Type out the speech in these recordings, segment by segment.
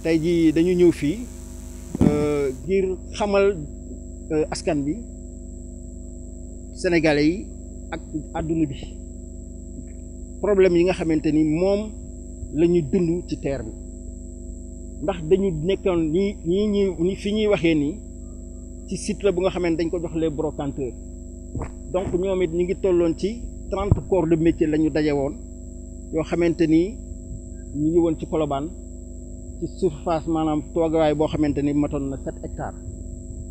tey jii dañu ñëw fii euh, ngir xamal euh, askan bi sénégalais yi ak àdduna bi problème yi nga xamante ni moom la ñu dund ci terre bi ndax dañu nekkoon ni ñii ñi fi ñuy waxee ni ci site la bu nga xamante dañ ko jox les brocanteurs donc ñoom it ñu ngi tolloon ci trente corps de métier la ñu daje woon yoo xamante ni ñu ngi won ci Colobane ci maanaam toogawaay boo xamante ni matoon na sept hectares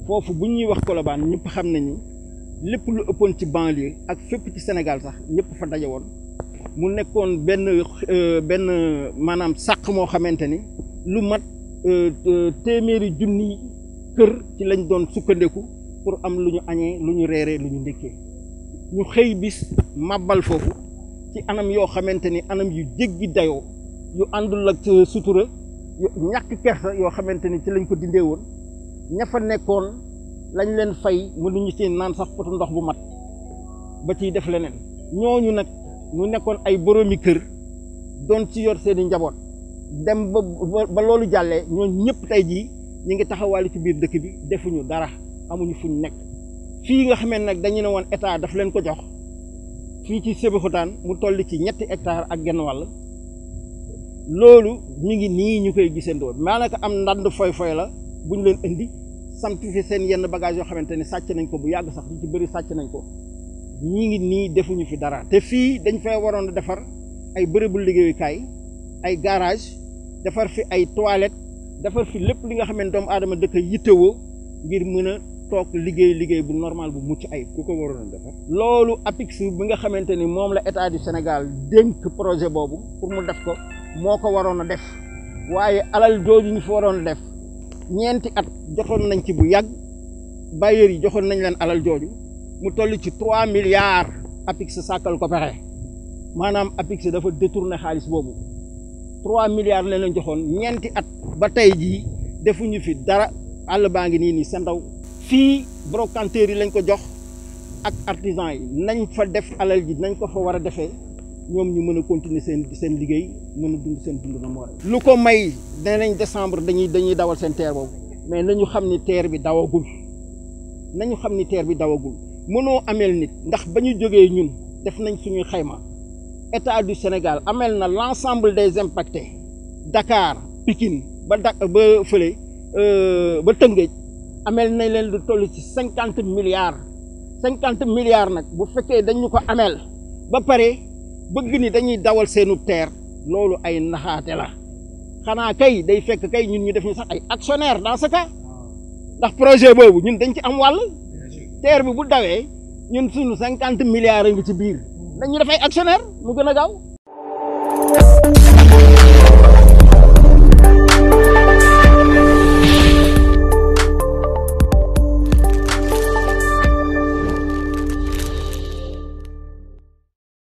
foofu bu ñuy wax Colobane ñëpp xam nañu lépp lu ëppoon ci banlieue ak fépp ci Sénégal sax ñëpp fa daje woon mu nekkoon benn euh, benn maanaam sàq moo xamante ni lu mat euh, euh, téeméeri junni kër ci lañ doon sukkandiku pour am lu ñu añee lu ñu reere lu ñu ndékkee ñu xëy bi màbbal foofu ci anam yoo xamante ni anam yu jéggi dayoo yu àndul ak sutura ñàkk kersa yoo xamante ni ci lañ ko dindee woon ña fa nekkoon lañ leen fay mënuñu seen naan sax potu ndox bu mat ba ciy def leneen ñooñu nag ñu nekkoon ay boroomi kër doon ci yor seeni njaboot dem ba ba loolu jàllee ñooñu ñëpp tey jii ñu ngi taxawaali ci biir dëkk bi defuñu dara amuñu ñu nekk fii nga xamee nag dañu ne woon état daf leen ko jox fii ci Sébikotane mu toll ci ñetti hectare ak genn wàll loolu mi ngi nii ñu koy gisandoo maanaka am ndànd foy foy la bu ñu leen indi samp fi seen yenn bagage yoo xamante ne sàcc nañ ko bu yàgg sax ñu ci bëri sàcc nañ ko ñi ngi nii defuñu fi dara te fii dañ fay waroon a defar ay bërëbu liggéeyukaay ay garage defar fi ay toilette defar fi lépp li nga xam ne doomu aadama dëkk yittewoo ngir mën a toog liggéey liggéey bu normal bu mucc ay ku ko waroon a defar loolu APIX bi nga xamante ni moom la état du Sénégal dénk projet boobu pour mu def ko moo ko waroon a def waaye alal jooju ñu fi waroon a def ñeenti at joxoon nañ ci bu yàgg bailleurs yi joxoon nañ leen alal jooju mu toll ci trois milliards APIX sàkkal ko pexe maanaam APIX dafa détourné xaalis boobu trois milliards lañ leen joxoon ñeenti at ba tey jii defuñu fi dara àll baa ngi nii nii sa ndaw fii brocanteurs yi lañ ko jox ak artisans yi nañ fa def alal ji nañ ko fa war a defee ñoom ñu mën continuer seen seen liggéey mën a dund seen dund na lu ko may danañ décembre dañuy dañuy dawal seen terre boobu mais nañu xam ni terre bi dawagul nañu xam ni terre bi dawagul mënoo nous nit ndax ba ñu jógee ñun def nañ xayma état du Sénégal choses. na des impactés Dakar Pikine ba Dak ba fële euh, ba Tëngéej leen milliards 50 milliards nag bu bëgg ni dañuy dawal seenu terre loolu ay naxaate la xanaa kay day fekk kay ñun ñu def ñu sax ay actionnaire dans ce cas ndax projet boobu ñun dañ ci am wàll terre bi bu dawee ñun suñu cinquante milliards a ngi ci biir dañuy ñu def ay actionnaire mu gën a gaaw